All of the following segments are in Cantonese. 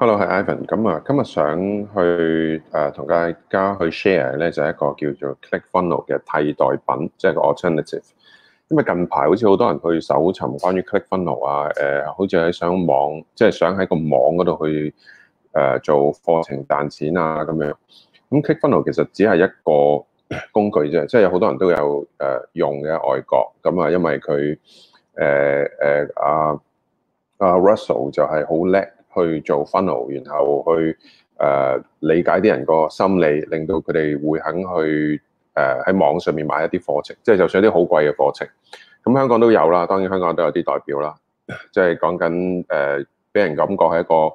hello，係 Ivan。咁啊，今日想去誒同大家去 share 咧，就係一個叫做 ClickFunnel 嘅替代品，即係個 alternative。因為近排好似好多人去搜尋關於 ClickFunnel 啊，誒，好似喺上網，即係想喺個網嗰度去誒做課程賺錢啊咁樣。咁 ClickFunnel 其實只係一個工具啫，即係有好多人都有誒用嘅外國。咁啊，因為佢誒誒阿阿 Russell 就係好叻。去做 funnel，然後去誒理解啲人個心理，令到佢哋會肯去誒喺網上面買一啲課程，即係就算啲好貴嘅課程，咁香港都有啦。當然香港都有啲代表啦，即係講緊誒俾人感覺係一個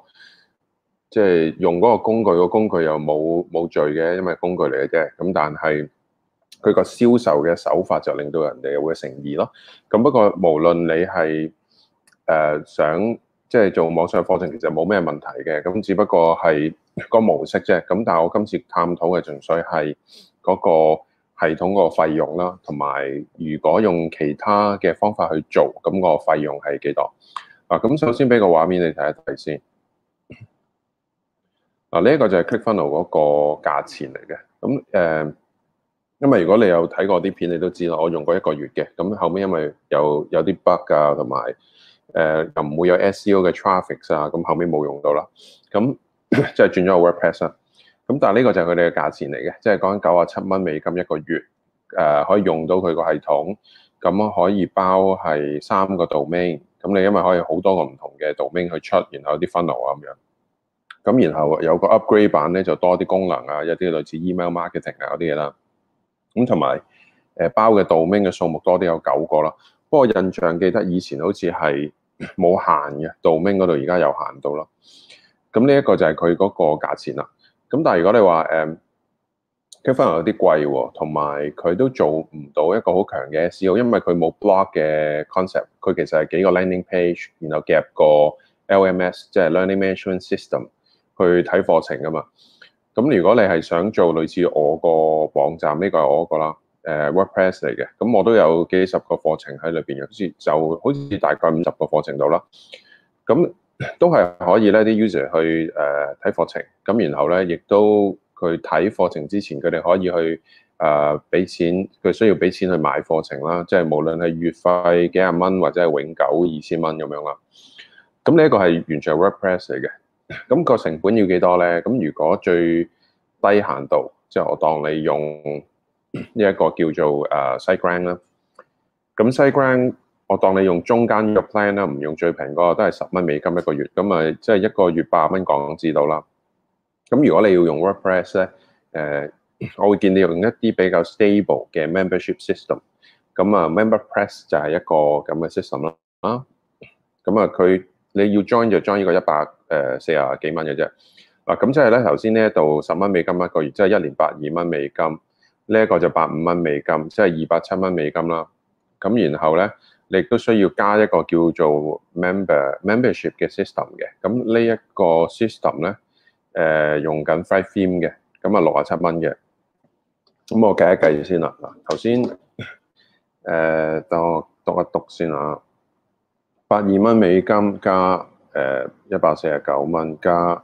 即係用嗰個工具，個工具又冇冇罪嘅，因為工具嚟嘅啫。咁但係佢個銷售嘅手法就令到人哋會誠意咯。咁不過無論你係誒想，即係做網上課程其實冇咩問題嘅，咁只不過係個模式啫。咁但係我今次探討嘅純粹係嗰個系統個費用啦，同埋如果用其他嘅方法去做，咁個費用係幾多？嗱，咁首先俾個畫面你睇一睇先。嗱，呢一個就係 Clickfunnel 嗰個價錢嚟嘅。咁誒，因為如果你有睇過啲片，你都知啦。我用過一個月嘅，咁後尾，因為有有啲 bug 啊，同埋。誒又唔會有 SEO 嘅 traffic 啊，咁後尾冇用到啦，咁即係轉咗個 WordPress 啊，咁但係呢個就係佢哋嘅價錢嚟嘅，即係講緊九啊七蚊美金一個月，呃、可以用到佢個系統，咁可以包係三個 domain，咁你因為可以好多個唔同嘅 domain 去出，然後啲 funnel 啊咁樣，咁然後有個 upgrade 版咧就多啲功能啊，有啲類似 email marketing 啊嗰啲嘢啦，咁同埋誒包嘅 domain 嘅數目多啲有九個啦，不過印象記得以前好似係。冇限嘅 domain 嗰度，而家有限到咯，咁呢一個就係佢嗰個價錢啦。咁但係如果你話誒 k f 有啲貴喎，同埋佢都做唔到一個好強嘅 SEO，因為佢冇 blog 嘅 concept，佢其實係幾個 landing page，然後夾個 LMS，即係 learning management system 去睇課程㗎嘛。咁如果你係想做類似我個網站，呢個係我個啦。誒 WordPress 嚟嘅，咁我都有幾十個課程喺裏邊嘅，就好似大概五十個課程度啦。咁都係可以咧，啲 user 去誒睇課程，咁然後咧亦都佢睇課程之前，佢哋可以去誒俾錢，佢需要俾錢去買課程啦，即係無論係月費幾廿蚊或者係永久二千蚊咁樣啦。咁呢一個係完全係 WordPress 嚟嘅，咁個成本要幾多咧？咁如果最低限度，即係我當你用。呢一個叫做誒 SiteGround 啦，咁 SiteGround 我當你用中間個 plan 啦，唔用最平嗰個都係十蚊美金一個月，咁啊即係一個月八十蚊港紙到啦。咁如果你要用 WordPress 咧，誒我會建議你用一啲比較 stable 嘅 membership system，咁啊 MemberPress 就係一個咁嘅 system 啦。啊，咁啊佢你要 join 就 join 呢個一百誒四廿幾蚊嘅啫。嗱咁即係咧頭先咧度十蚊美金一個月，即係一年百二蚊美金。呢一個就八五蚊美金，即係二百七蚊美金啦。咁然後咧，你都需要加一個叫做 member membership 嘅 system 嘅。咁呢一個 system 咧，誒、呃、用緊 five theme 嘅，咁啊六啊七蚊嘅。咁我計一計先啦。頭先誒，等、呃、我讀一讀先啊。八二蚊美金加誒一百四十九蚊加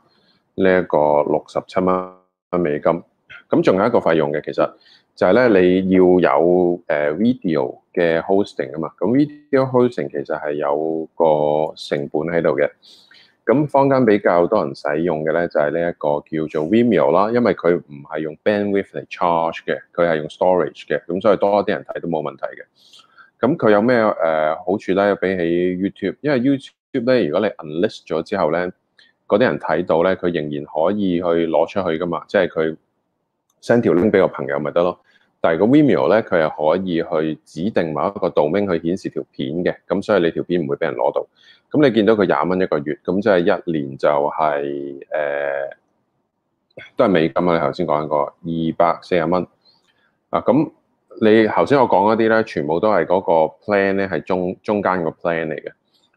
呢一個六十七蚊美金。咁仲有一個費用嘅，其實就係咧你要有誒 video 嘅 hosting 㗎嘛。咁 video hosting 其實係有個成本喺度嘅。咁坊間比較多人使用嘅咧就係呢一個叫做 Vimeo 啦，因為佢唔係用 bandwidth 嚟 charge 嘅，佢係用 storage 嘅，咁所以多啲人睇都冇問題嘅。咁佢有咩誒好處咧？比起 YouTube，因為 YouTube 咧，如果你 unlist 咗之後咧，嗰啲人睇到咧，佢仍然可以去攞出去㗎嘛，即係佢。send 條 link 俾個朋友咪得咯，但係個 Vimeo 咧，佢係可以去指定某一個 domain 去顯示條片嘅，咁所以你條片唔會俾人攞到。咁你見到佢廿蚊一個月，咁即係一年就係、是、誒、呃、都係美金啊！你頭先講緊個二百四十蚊啊。咁你頭先我講嗰啲咧，全部都係嗰個 plan 咧，係中中間個 plan 嚟嘅，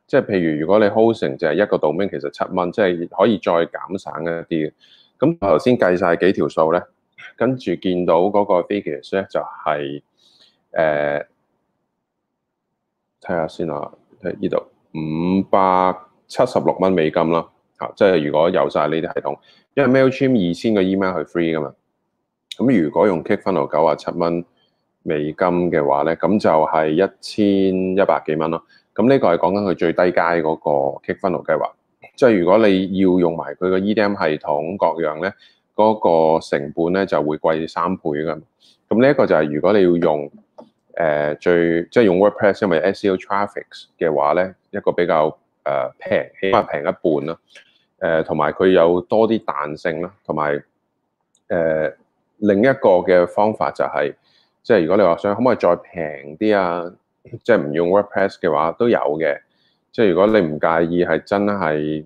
即、就、係、是、譬如如果你 hosting，就係一個 domain 其實七蚊，即係可以再減省一啲嘅。咁我頭先計晒幾條數咧？跟住見到嗰個 figures 咧、就係，就係誒，睇下先啊，睇呢度五百七十六蚊美金啦，嚇！即係如果有晒呢啲系統，因為 Mailchimp 二千個 email 係 free 噶嘛，咁如果用 Kick Funnel 九啊七蚊美金嘅話咧，咁就係一千一百幾蚊咯。咁呢個係講緊佢最低階嗰個 Kick Funnel 計劃，即係如果你要用埋佢嘅 EDM 系統各樣咧。嗰個成本咧就會貴三倍㗎。咁呢一個就係如果你要用誒、呃、最即係用 WordPress，因為 SEO traffics 嘅話咧，一個比較誒平，起碼平一半啦。誒同埋佢有多啲彈性啦，同埋誒另一個嘅方法就係即係如果你話想可唔可以再平啲啊？即係唔用 WordPress 嘅話都有嘅。即係如果你唔介意係真係。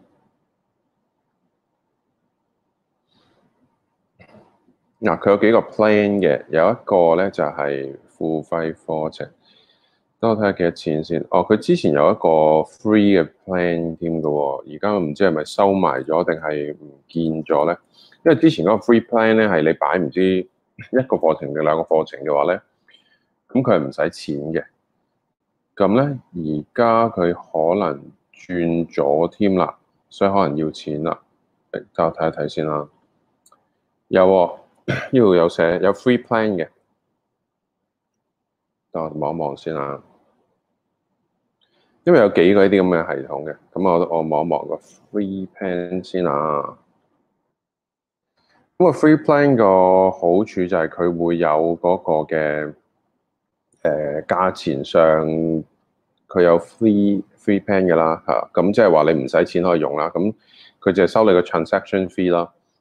嗱，佢有幾個 plan 嘅，有一個咧就係付費課程。等我睇下幾多錢先。哦，佢之前有一個 free 嘅 plan 添㗎，而家唔知係咪收埋咗定係唔見咗咧？因為之前嗰個 free plan 咧係你擺唔知一個課程定兩個課程嘅話咧，咁佢係唔使錢嘅。咁咧而家佢可能轉咗添啦，所以可能要錢啦。誒，等我睇一睇先啦。有、哦。呢度有寫有 Free Plan 嘅，等我望一望先啊，因為有幾個呢啲咁嘅系統嘅，咁我我望一望個 Free Plan 先啊。咁啊，Free Plan 個好處就係佢會有嗰個嘅誒，價錢上佢有 Free Free Plan 嘅啦吓，咁即係話你唔使錢可以用啦，咁佢就係收你個 transaction fee 啦。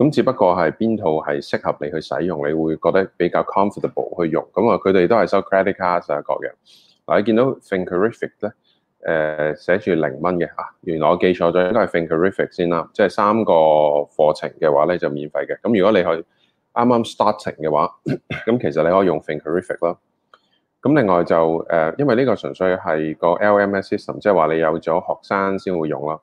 咁只不過係邊套係適合你去使用，你會覺得比較 comfortable 去用。咁啊，佢哋都係收 credit card 啊，各樣嗱。你見到 Thinkerific 咧、呃，寫住零蚊嘅嚇，原來我記錯咗，應該係 Thinkerific 先啦。即係三個課程嘅話咧就免費嘅。咁如果你去啱啱 starting 嘅話，咁其實你可以用 Thinkerific 啦。咁另外就、呃、因為呢個純粹係個 LMS system，即係話你有咗學生先會用咯。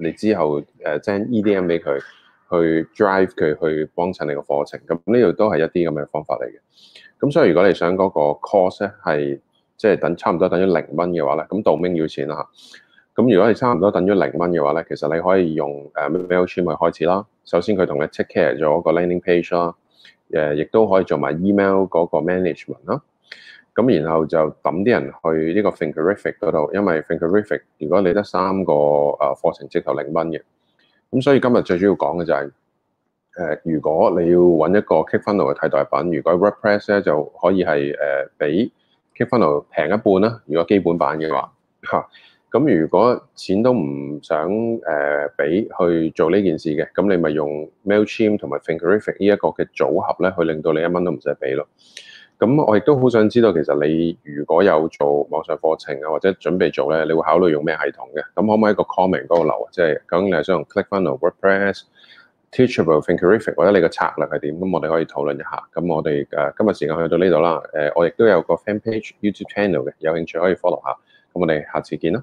你之後誒 send EDM 俾佢，去 drive 佢去幫襯你個課程，咁呢度都係一啲咁嘅方法嚟嘅。咁所以如果你想嗰個 course 咧係即係等差唔多等於零蚊嘅話咧，咁導明要錢啦嚇。咁如果你差唔多等於零蚊嘅話咧，其實你可以用誒 mailchimp 去開始啦。首先佢同你 take care 咗個 landing page 啦，亦都可以做埋 email 嗰個 management 啦。咁然後就抌啲人去呢個 Thinkific 嗰度，因為 Thinkific 如果你得三個課程直頭零蚊嘅，咁所以今日最主要講嘅就係、是呃、如果你要揾一個 KickFunnel 嘅替代品，如果 WordPress 咧就可以係誒、呃、俾 KickFunnel 平一半啦。如果基本版嘅話，咁如果錢都唔想誒俾、呃、去做呢件事嘅，咁你咪用 MailChimp 同埋 Thinkific 呢一個嘅組合咧，去令到你一蚊都唔使俾咯。咁我亦都好想知道，其實你如果有做網上課程啊，或者準備做咧，你會考慮用咩系統嘅？咁可唔可以一個 comment 嗰個流啊？即係究竟，你係想用 ClickFunnels、WordPress、Teachable、Thinkific，或者你個策略係點？咁我哋可以討論一下。咁我哋誒今日時間去到呢度啦。誒，我亦都有個 fan page、YouTube channel 嘅，有興趣可以 follow 下。咁我哋下次見啦。